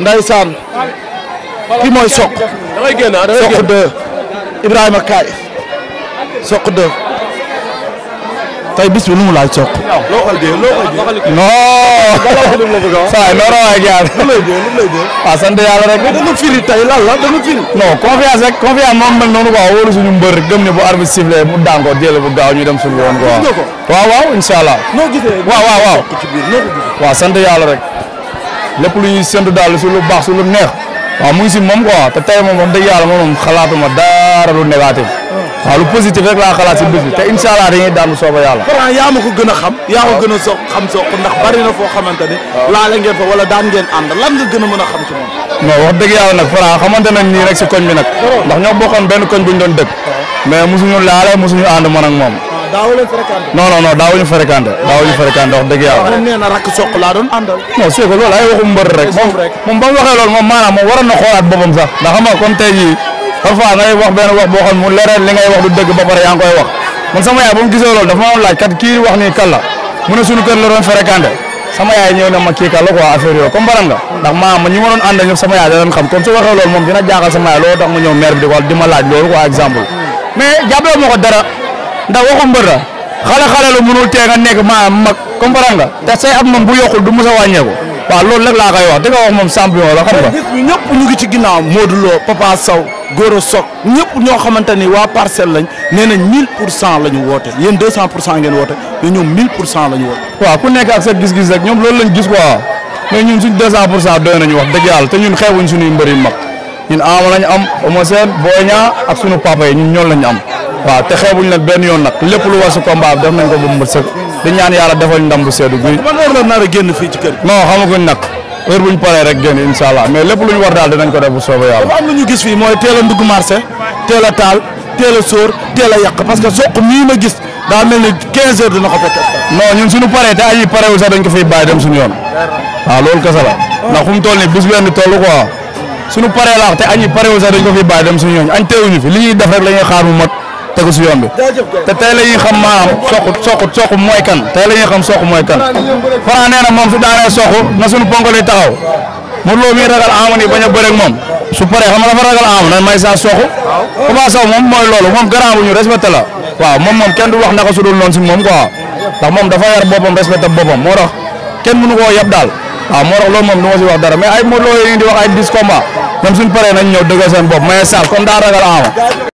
Ndeysaan. ki mooy Sokh. Ah, Sokh 2 Ibrahima Kaay. Sokh 2. tey bis bi mu laaj Sokh. loo xam ne loo xam ne. non. saa yi rek. mais confiance confiance moom mel noonu quoi wóolu suñu mbër gëm ne bu arbitre sifflé mu daan ko bu gaaw ñu dem suñu yoon quoi. waaw waaw incha allah. waaw waaw waaw. waaw sant yàlla rek. lépp lu ñuy séntu daal su lu baax su lu neex waaw mu ngi si moom quoi te tey moom wax dëgg yàlla moom xalaatuma dara lu négatif. waaw lu positif rek laa xalaat si bés bi te incha allah dañuy daanu sooba yàlla. Franc yaa ko gën a xam. yaa ko gën a soog xam soog ndax bari na foo xamante ne. laale ngeen fa wala daan ngeen ànd lan nga gën a mën a xam ci moom. non wax dëgg yàlla nag Franc xamante nañ nii rek si koñ bi nag. ndax ñoo bokkoon benn koñ bi ñu doon dëkk. mais mosuñu laale mosuñu ànd man ak moom daawu leen fréquenté. non non non daawuñu fréquenté daawuñu fréquenté wax dëgg yàlla. moom nee na rakk soq laa doon àndal. non c'est que loolu ay waxu mbër rek. moom moom ba mu waxee loolu moom maanaam moom waroon na xoolaat boppam sax. ndax xam nga comme tey jii parfois ngay wax benn wax boo xam mu leeral li ngay wax du dëgg ba pare yaa ngi koy wax man sama yaay ba mu gisee loolu dafa ma doon laaj kat kii wax nii kan la mu ne suñu kër la doon fréquenté sama yaay ñëw na ma kii kan la quoi affaire yooyu comme baram nga ndax maa ma ñi ma doon àndal ñëpp sama yaay da doon xam comme su waxee loolu moom dina jaaxal sama yaay loolu tax mu ñëw maire bi di ko di ma laaj loolu quoi exemple mm. mais jàppee ma ko dara ndax waxu mbër la xale-xale lu mënul tee nekk ma mag comprendre nga te say at moom bu yokkul du mos a wàññeeku waaw loolu nag laa koy wax di nga wax moom champion la xam nga ñëpp ñu ngi ci ginnaaw Modou Lo Papa Sow Goro Sock ñëpp ñoo xamante ni waa parcelle lañ nee na 1000 pour cent la ñu woote yéen 200 pour cent ngeen woote mais ñoom 1000 pour cent la woote ku nekk ak sa gis-gis rek ñoom loolu lañ gis quoi mais ñun suñ 200 pour cent doy nañu wax dëgg yàlla te ñun xeebuñ suñuy mbëri mag am Eumeu Sène Boy Niang ak suñu papa yi am waaw te xeebuñ nag benn yoon nag lépp lu war si combat ko ba mu di ñaan yàlla defal ndam bu seddu guy. man heure la nar a génn rek génn incha allah mais ñu war daal dinañ ko def bu soobee yàlla. dafa ñu gis fii mooy teel a ndugg marché teel a taal teel a sóor teel a yàq parce que soq mii ma gis daa ni 15 heures dina ko fekk. non ñun te la ndax te añi parewul sax dañ ko fiy bàyyi dem suñu yoon añ teewuñu fi li ñuy def tegu si yoon bi te tey la ñuy xam maanaam soq soq soq mooy kan tey la ñuy xam soq mooy kan Franc nee na moom su daanee soq na suñu ponkal yi taxaw Modou Lo mi ragal Ama ni bañ a bëre ak moom su paree xam nga dafa ragal Ama nan may sa soq Papa Sow moom mooy loolu moom grand bu ñu respecté la waaw moom moom kenn du wax naka su dul noonu si moom quoi ndax moom dafa yar boppam respecté boppam moo tax kenn mënu koo yab daal waaw moo tax loolu moom du ma si wax dara mais ay Modou Lo